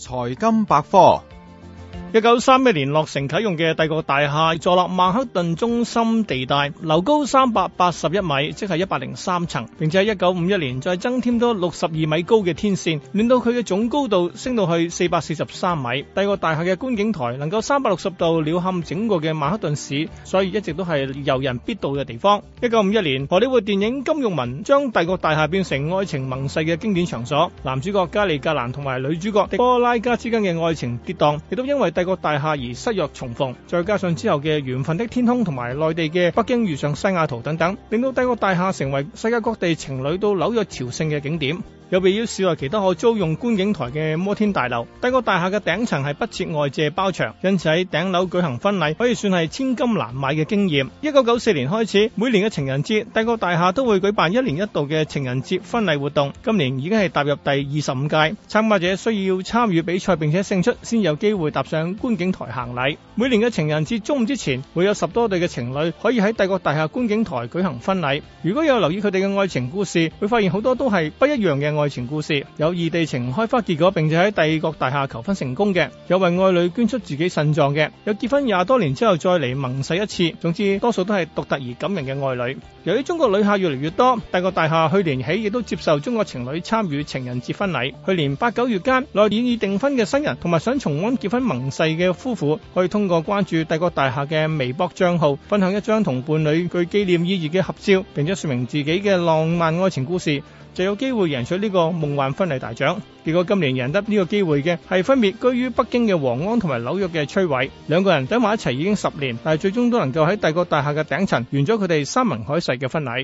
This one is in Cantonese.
財經百科。1931年落成啟用嘅帝國大廈坐落曼克頓中心地帶，樓高381米，即係103層，並且喺1951年再增添多62米高嘅天線，令到佢嘅總高度升到去443米。帝國大廈嘅觀景台能夠360度鳥瞰整個嘅曼克頓市，所以一直都係遊人必到嘅地方。1951年，荷里活電影金玉盟將帝國大廈變成愛情盟誓嘅經典場所，男主角加利格蘭同埋女主角迪波拉加之間嘅愛情跌宕，帝國大廈而失約重逢，再加上之後嘅《緣分的天空》同埋內地嘅《北京遇上西雅圖》等等，令到帝國大廈成為世界各地情侶到紐約朝聖嘅景點。有別於市內其他可租用觀景台嘅摩天大樓，帝國大廈嘅頂層係不設外借包場，因此喺頂樓舉行婚禮可以算係千金難買嘅經驗。一九九四年開始，每年嘅情人節，帝國大廈都會舉辦一年一度嘅情人節婚禮活動。今年已經係踏入第二十五屆，參加者需要參與比賽並且勝出，先有機會踏上觀景台行禮。每年嘅情人節中午之前，會有十多對嘅情侶可以喺帝國大廈觀景台舉行婚禮。如果有留意佢哋嘅愛情故事，會發現好多都係不一樣嘅。愛情故事有異地情開花結果，並且喺帝國大廈求婚成功嘅，有為愛女捐出自己腎臟嘅，有結婚廿多年之後再嚟盟誓一次。總之，多數都係獨特而感人嘅愛女。由於中國旅客越嚟越多，帝國大廈去年起亦都接受中國情侶參與情人節婚禮。去年八九月間，內地已訂婚嘅新人同埋想重溫結婚盟誓嘅夫婦，可以通過關注帝國大廈嘅微博賬號，分享一張同伴侶具紀念意義嘅合照，並且說明自己嘅浪漫愛情故事。就有機會贏取呢個夢幻婚禮大獎。結果今年贏得呢個機會嘅係分別居於北京嘅黃安同埋紐約嘅崔偉兩個人，等埋一齊已經十年，但係最終都能夠喺帝國大廈嘅頂層完咗佢哋山盟海誓嘅婚禮。